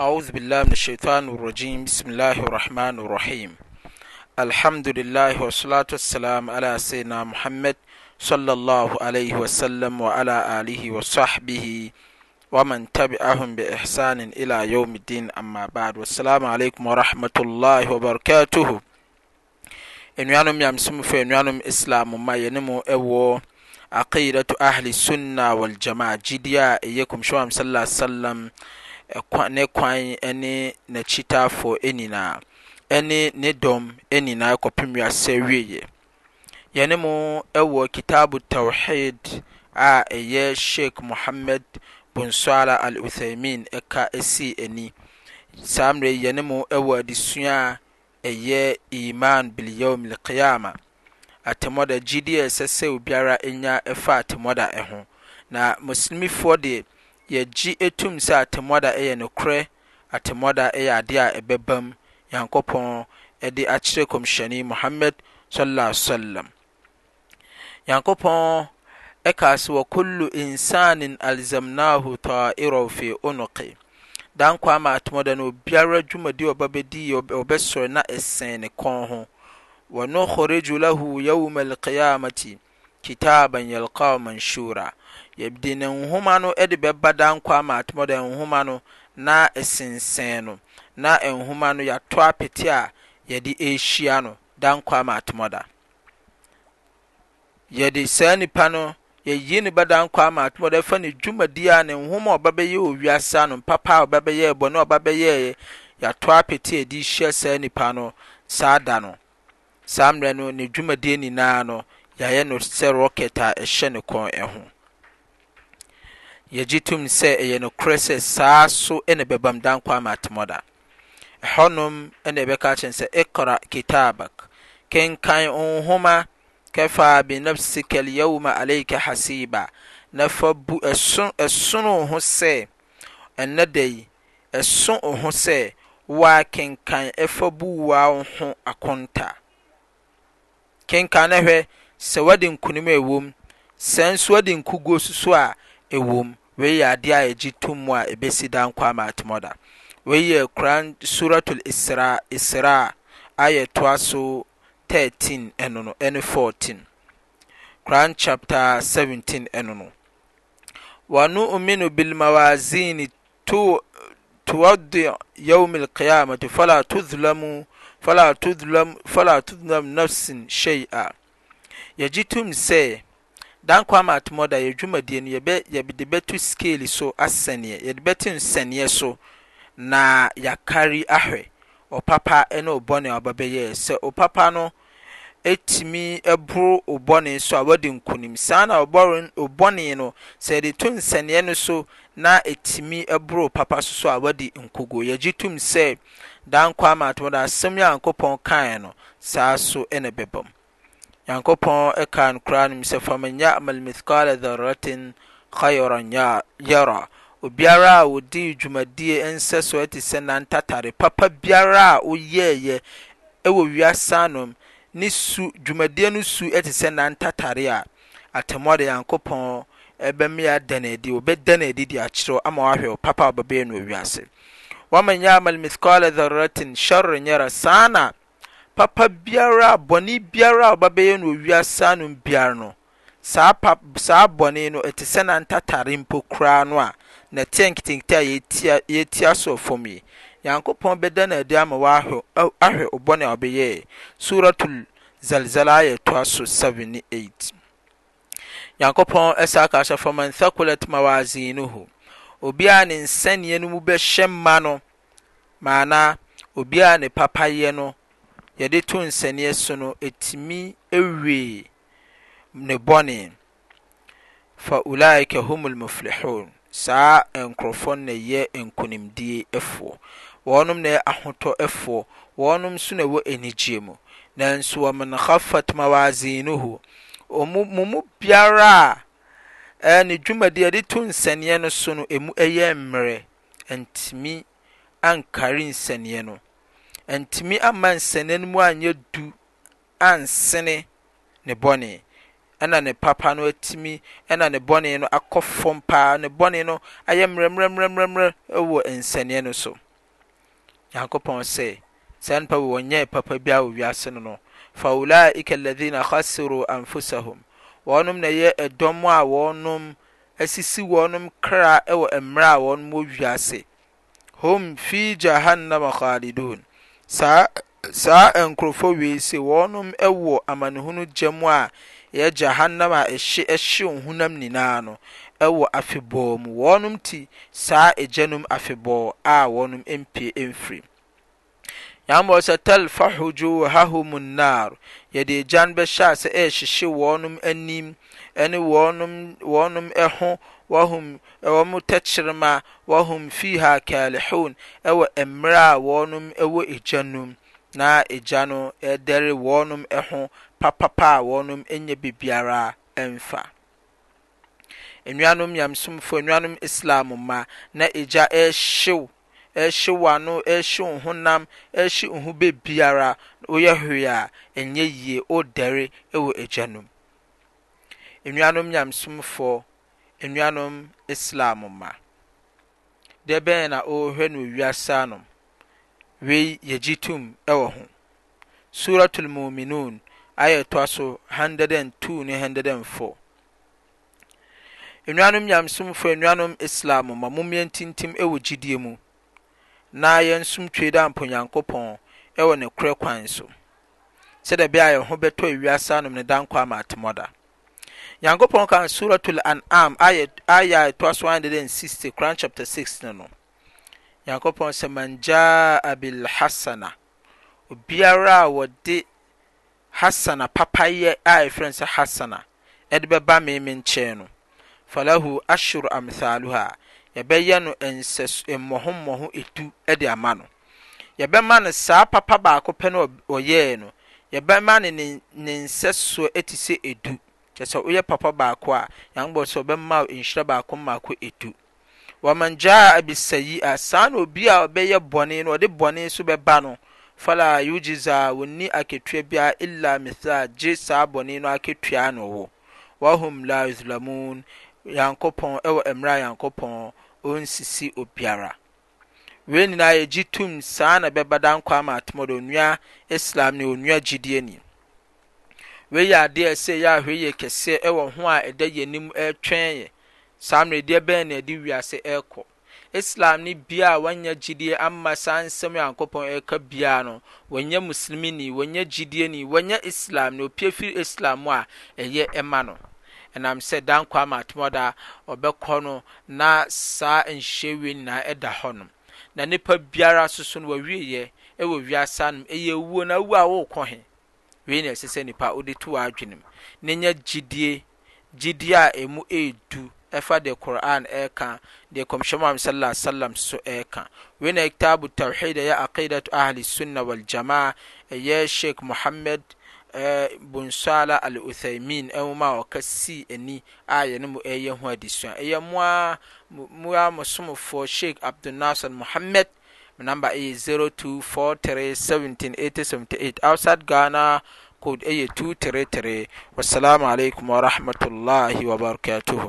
أعوذ بالله من الشيطان الرجيم بسم الله الرحمن الرحيم الحمد لله والصلاة والسلام على سيدنا محمد صلى الله عليه وسلم وعلى آله وصحبه ومن تبعهم بإحسان إلى يوم الدين أما بعد والسلام عليكم ورحمة الله وبركاته enuanom nyamesomfo في islam ma yɛne mu ɛwɔ aqidatu ahli sunna waljama gyidi a ɛyɛ kɔmhyɛ am sallallahu alaihi wasallam ne kwan ɛne nakyitaafɔ nyinaa ɛne ne dɔm nyinaa ɛkɔpemiiasɛ wie yɛnemu ɛwɔ kitab towhid a ɛyɛ sheik mohamad bunsala al utheimine ɛka asii ani saa merɛ yɛnem ɛwɔ adesua a ɛyɛ iman biniyoum alikiama atmɔda gidi a sɛsɛw biara ɛnya ɛfa atamɔd e ɛho na muslimifoɔ deɛ yagyi tum sɛ atomɔda ɛyɛ no korɛ atomɔda ɛyɛ ade a ɛbɛba m nyankopɔn de akyerɛ kmsyɛni muhamed sala salam yankopɔn ɛkaa se wɔ kullu insanin alzamnaaho ta'ira fe onoke dankwama atomda na obiara dwumadi ɔba bɛdie ɔbɛsor na ɛsɛne kɔnho wanuurejulahu yawm alkiiamati kitaban yalkawɔ manshura enhoma no de bɛba danko a matomda nhoma no na sensɛ no na nhoma no yatoapte yde ya no dank amtmdatdwys npad aa ne dwmadi nyinaa no yayɛ nosɛ roket a ɛhyɛ no kɔ ho yɛgye tum sɛ ɛyɛ nokorɛ sɛ saa so ne bɛba m danko amaatomɔda ɛhɔnom ne ɛbɛka kyeɛn sɛ ikra kitabak kenkan onhoma kɛfaa binabsicalyauma alaika hasiba ho sɛɛndɛso wo ho sɛ wa kenkan ɛfa buwa wo ho akonta kenkan ne hwɛ sɛ woade nkonem ɛwom saneso wade nko go susu a wei yɛ deayɛgye tum mu a bɛsi dankɔ amaatomda ei yɛ kran suratisra ayɛ toa so13nne14 kran a17 ɛnn wanumenu bilmawazine twadi yaume lkiamat fala tutlamu nasin shɛiaygtmɛ dan kwame atomɔda yɛ dwumadie no yɛbɛ yɛde bɛto scale so asɛneɛ yɛde bɛto nsɛneɛ so na yakari ahwɛ ɔpapa ne ɔbɔne a ɔbɛbɛyɛ sɛ ɔpapa no etimi ɛboro ɔbɔne so a wɔde nkunim saa na ɔbɔne no sɛ yɛde to nsɛneɛ no so na etimi ɛboro ɔpapa so so a wɔde nkogo yɛgye tum sɛ dan kwame atomɔda asɛm yɛ ankopɔn kan no saa so ɛna bɛbam nyankopɔn ɛka no kora nom sɛ faman ya'mal mithkala dharratin khayran yara obiara a wɔdi dwumadie nsɛ so ɛte sɛ nantatare papa biara a woyɛɛyɛ ɛwɔ wiasa nom ne su dwumadie no su ɛte sɛ nantatare a atɛmmɔde nyankopɔn ɛbɛmmea dɛn adi wɔbɛdɛn adi de akyerɛ ama wahwɛ papa a wɔbɛbɛyɛ no wɔ wiase waman ya'mal mithkala dharratin sharran yara saa na papa biara a bɔne biara a ɔbabɛyɛ no owia saanom biar no saa bɔne no ɛti sɛnantatare mpo koraa no a na teɛ nketiketa a yɛtia so ɔfamyi nyankopɔn bɛda nadi ama wahwɛ bɔnea bɛyɛ suratl zalzalaayɛtoa so 78 nyankopɔn sa kaasyafa manthekulat mowasie no ho obia ne nsaneɛ no mu bɛhyɛ mma noaana obiaa ne papayɛ no yɛde to nsɛneɛ so no ɛtumi wiee ne bɔne fa ulaika hum almuflihoon saa ɛnkurɔfɔ n na yɛ nkonimdie fuɔ wɔɔnom naɛ ahotɔ ɛfuɔ wɔnom nso na ɛwɔ ɛnigyee mu nanso wɔman gafat mawasinuho mumu biara ane dwumade yɛde to nsɛneɛ no so no ɛmu ɛyɛ mmerɛ ntumi ankare nsɛneɛ no ɛntumi ama nsɛnneɛ no mu anyɛ du ansene ne bɔne ɛna ne papa no atumi ɛna ne bɔne no akɔ fɔm paa ne bɔne no ayɛ mmerɛmerɛmrmrmrɛ wɔ nsɛneɛ no so nyankopɔn sɛ saa n pa wiwɔnyɛ ɛpapa bi a wɔ wiase no no fa ulaiica alladina haserou amfusahum wɔnom na ɛyɛ ɛdɔmɔ a wɔnom asisi wɔnom kra ɛwɔ mmerɛ a wɔnom wɔ wiase homfi jahannama khalidoun saa saa nkurɔfoɔ wei sɛ wɔnom wɔ amanehunu gya mu a ɛyɛ jahannam a ɛhye ɛhyew honam nyinaa no ɛwɔ afebɔɔ mu wɔnom ti saa egya nom afebɔɔ a wɔnom mpie mfiri yàmbɔ sɛ talfa hujuu hahumun naar yɛde egya bɛhyɛ a sɛ ɛɛhyehye wɔnom anim ɛne wɔnom wɔnom ɛho wɔhom ɛwɔ mo tɛkyerɛma wɔhom fiha kalihun ɛwɔ mmerɛ a wɔnom ɛwɔ egya no mu na egya no ɛdɛre wɔnom ɛho papapa a wɔnom ɛnyɛ biribiara ɛmfa nnuanom nyamsomfo nnuanom islam ma na egya ɛhyew ɛhye wano ɛhye wo nam ɛhye wo bebiara woyɛ hwee a ɛnyɛ yie odɛre ɛwɔ egya no mu anuanom nyamsomfo nuanom islam ma dɛ bɛn na ɔrɔhɛ nowiasaa nom wei yɛgi tum wɔ ho suratmuminoun ayɛ toa so 12,4 nuanom nyamesomfoɔ nnuanom islam ma mommeɛ ntintim wɔ gyidie mu na yɛnsomtwe dɛ ampɔ nyankopɔn wɔ ne korɛ kwan so sɛdɛ ɛbɛ a yɛn ho bɛtɔ ewiasaa nom ne dankɔ amatomɔde nyankopɔn kan suratul an'am ayɛ ayɛ a ɛtoa so 160 quran chapter 6 no no nyankopɔn sɛ manjaa bilhasana obiara a wɔde hasana papayɛ a ɛfrɛ sɛ hasana ɛde bɛba me me nkyɛn no falahu ashru amthaluha yɛbɛyɛ no mmɔhommɔho edu de ama no yɛbɛma no saa papa baako pɛ no ɔyɛɛ no yɛbɛma no ne nsɛ soɔ sɛ edu kyɛ sɛ woyɛ papa baako a nyankopɔn sɛ ɔbɛma nhyira baako mmaako edu wɔman gyaa abisayi a saa na obi a ɔbɛyɛ bɔne na ɔde bɔne nso bɛba no fala yujiza wonni akatua biara illa mithla gye saa bɔne no akatua na ɔwɔ wahum la yuzlamun yankopɔn ɛwɔ mmerɛ a yankopɔn ɔnsisi obiara wei nyinaa yɛgye tum saa na bɛba dankwa ama atomɔdɔ onua islam ne onua gyidie ni wei adeɛ ɛsɛ yɛ ahwɛ yɛ kɛseɛ ɛwɔ ho a ɛda yɛ anim ɛretwɛn yɛ saa mmerɛ deɛ bɛn na ɛde wiase ɛrekɔ islam ne bia a wanya gyidie ama saa nsɛm nyankopɔn ɛka bia no wanya musulmi ni wanya gyidie ni wanya islam na opie firi islam a ɛyɛ ɛma no ɛnam sɛ dan kɔ ama atomɔda ɔbɛkɔ no na saa nhyɛ nyinaa ɛda hɔ na nipa biara soso no yɛ ɛwɔ wiase anom ɛyɛ wuo na wu a wɔrekɔ he weinesesenepa odetiaadwinim nenyɛ gyidie gidi a ɛmu ɛdu ɛfa de quran ɛka de komshɛ mhmd sla salam so ɛka weine ɛ kitabu tawhid ɛyɛ aqidatu ahlissunna waaljamaa ɛyɛ sheik mohamad bunsala aluthaimin muma ɔkasii ani ayɛnomu ɛya ho adisua ɛyɛ mua mu som fɔ sheik abdunasan mohamad mnambe ɛyɛ 02437878 ousid ghana ko ɛyɛ tu teretare wassalamu alaikum warahmatullahi wabarakatuhu